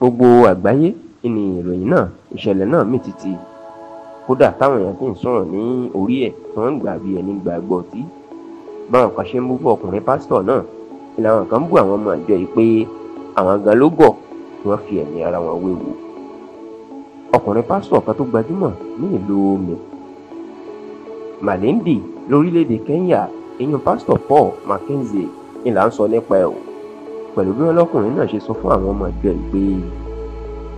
gbogbo àgbáyé ni ìròyìn náà ìṣẹ̀lẹ̀ náà mì tìtì kódà táwọn èèyàn sì ń sọ̀rọ̀ ní orí ẹ̀ tí wọ́n ń gbà bí ẹni gbàgbọ́ tí báwọn kan ṣe ń bú bọ́ ọkùnrin pásítọ̀ náà ìlànà kan bú àwọn ọmọ àjọ yìí pé àwọn gan ló gọ̀ tí wọ́n fi ẹ̀mí ara wọn wéwu ọkùnrin pásítọ̀ kan tó gbajúmọ̀ ní ìlú omi Malindi lórílẹ̀‐èdè Kenya èèyàn pásítọ̀ Paul Mackenzie ni là ń sọ nípa ẹ̀ o pẹ̀lú bí ọlọ́kùnrin náà ṣe sọ fún àwọn ọmọ ìjọ ẹ̀ pé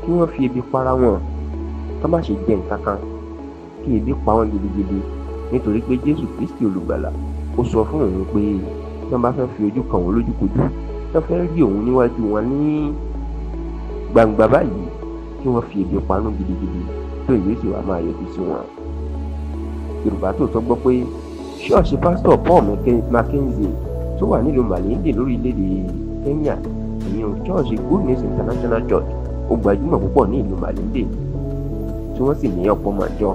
kí wọ́n fi ebi para wọn ká má ṣe jẹ nǹkan kan kí ebi pa wọn gidigidi nítorí pé Jésù Kristi olùgbàlà ó sọ fún òun pé bí wọ́n bá fẹ́ fi ojú kan òun lójúkojú wọ́n fẹ́ rí òun níwájú wọn ní gbangba báyìí kí wọ́n fi ebi panú gidigidi tó èyí sì wá máa yọjú sí wọn. Yorùbá tó tọ́ gbọ́ pé ṣọ́ọ̀ṣì pásítọ̀ Paul Mackenzie tó wà nílùú Malindi lórílẹ̀‐èdè Kenya ìyẹn church Good News International Church ó gbajúmọ̀ púpọ̀ ní ìlú Malindi tí wọ́n sì ní ọ̀pọ̀ màjọ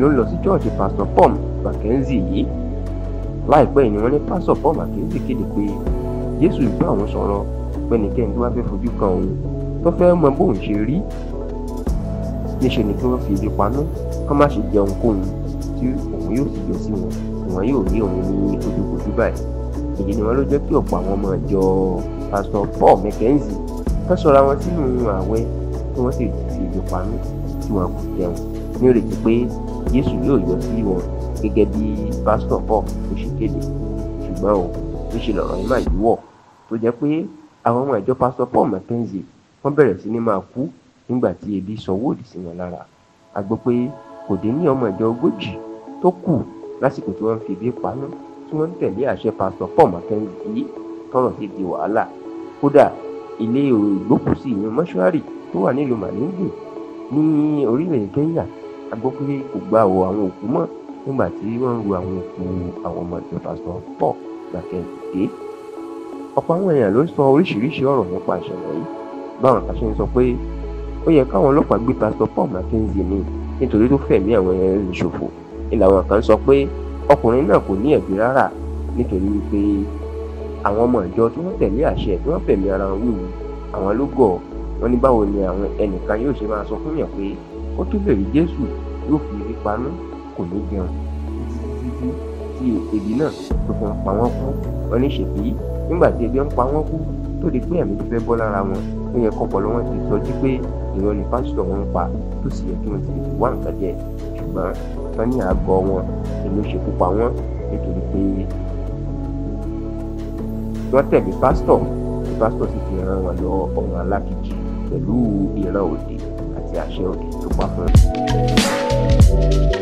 ló ń lọ sí church Pastor Paul Mackenzie yìí láìpẹ́ yìí ni wọ́n ní Pastor Paul Mackenzie kéde pé Jésù gbọ́ àwọn sọ̀rọ̀ pẹ́nikẹ́ni tó bá fẹ́ fojú kan òun tó fẹ́ mọ bóun ṣe rí níṣẹ́ ni kí wọ́n fi ibi paná kán má ṣe jẹ ohunkóhun tí òun yóò sì yọ sí wọn wọn yóò rí òun ní ojúkojú báyìí èyí ni wọn ló jẹ́ kí ọ̀pọ̀ àwọn ọmọ ìjọ pastor Paul Mackenzie wọ́n sọra wọn sínú àwẹ̀ tí wọ́n sì fi ìlú pamọ́ tí wọ́n kò jẹun ní ìrètí pé Jésù yóò yọ sí wọn gẹ́gẹ́ bí pastor Paul tó ṣe kéde ṣùgbọ́n o níṣẹ́ lọ̀rọ̀ yìí máa yíwọ̀ tó jẹ́ pé àwọn ọmọ ìjọ pásítọ̀ Paul Mackenzie wọ́n bẹ̀rẹ̀ sí ní máa kú nígbà tí ebi sọwọ́ òdì sí wọn lára a gbọ́ pé kò dín ní ọmọ ìjọ ogójì tó kù lásìkò tí wọ́n fi ebi paná tí wọ́n ń tẹ̀lé àṣẹ pásítọ̀ Paul Mackenzie yìí tọrọ fi di wàhálà kódà ilé ìgbókùsí ìyẹn mọ́ṣúárì tó wà nílùú Malindi ní orílẹ̀-èdè Kenya a gbọ́ pé kò gba àwọ̀ àwọn òkú mọ́ nígbà tí wọ́n ń ru àwọn òkú àwọn ọmọ ìjọba sọ pọ̀ gbàkẹ́ǹdé ọ̀pọ̀ àwọn èèyàn ló ń sọ oríṣiríṣi ọ̀rọ̀ nípa ìṣẹ̀lẹ̀ yìí báwọn kan ṣe ń sọ pé ó yẹ káwọn ọlọ́pàá gbé pásítọ̀ Paul Mackenzie ní nítorí tó fẹ̀mí àwọn ẹ̀rẹ́ ṣòfò ni làwọn kan sọ pé ọkùnrin náà kò ní ẹ̀bí rárá nítorí wípé àwọn ọmọ ìjọ tí wọ́n tẹ̀lé àṣẹ tí wọ́n fẹ̀mí ara wọn wíwu àwọn ló gọ̀ ní báwo ni àwọn ẹnìkan yóò ṣe máa sọ fún yàn pé ó tún lè Jésù yóò fi ibi panú kò ní jẹun títí tí ebi náà tó fi ń pa wọ́n kú wọ́n ní ṣèbí nígbà tí ebi ń pa wọ́n kú tó di pé ẹ̀mí ti fẹ́ bọ́ lára wọn ó yẹ kọ́pọ̀ lọ́wọ́ ti sọjí pé ìran ni pásítọ̀ wọn ń pa tó sì yẹ kí wọ́n ti wá nǹkan jẹ ṣùgbọ́n wọ́n ní àgọ́ wọn èmi ṣekú pa wọ́n nítorí pé gbọ́tẹ̀lé pásítọ̀ tí pásítọ̀ sì fi ran wọn lọ ọ̀run alákìjì pẹ̀lú ìran òde àti àṣẹ òde tó pa fún un.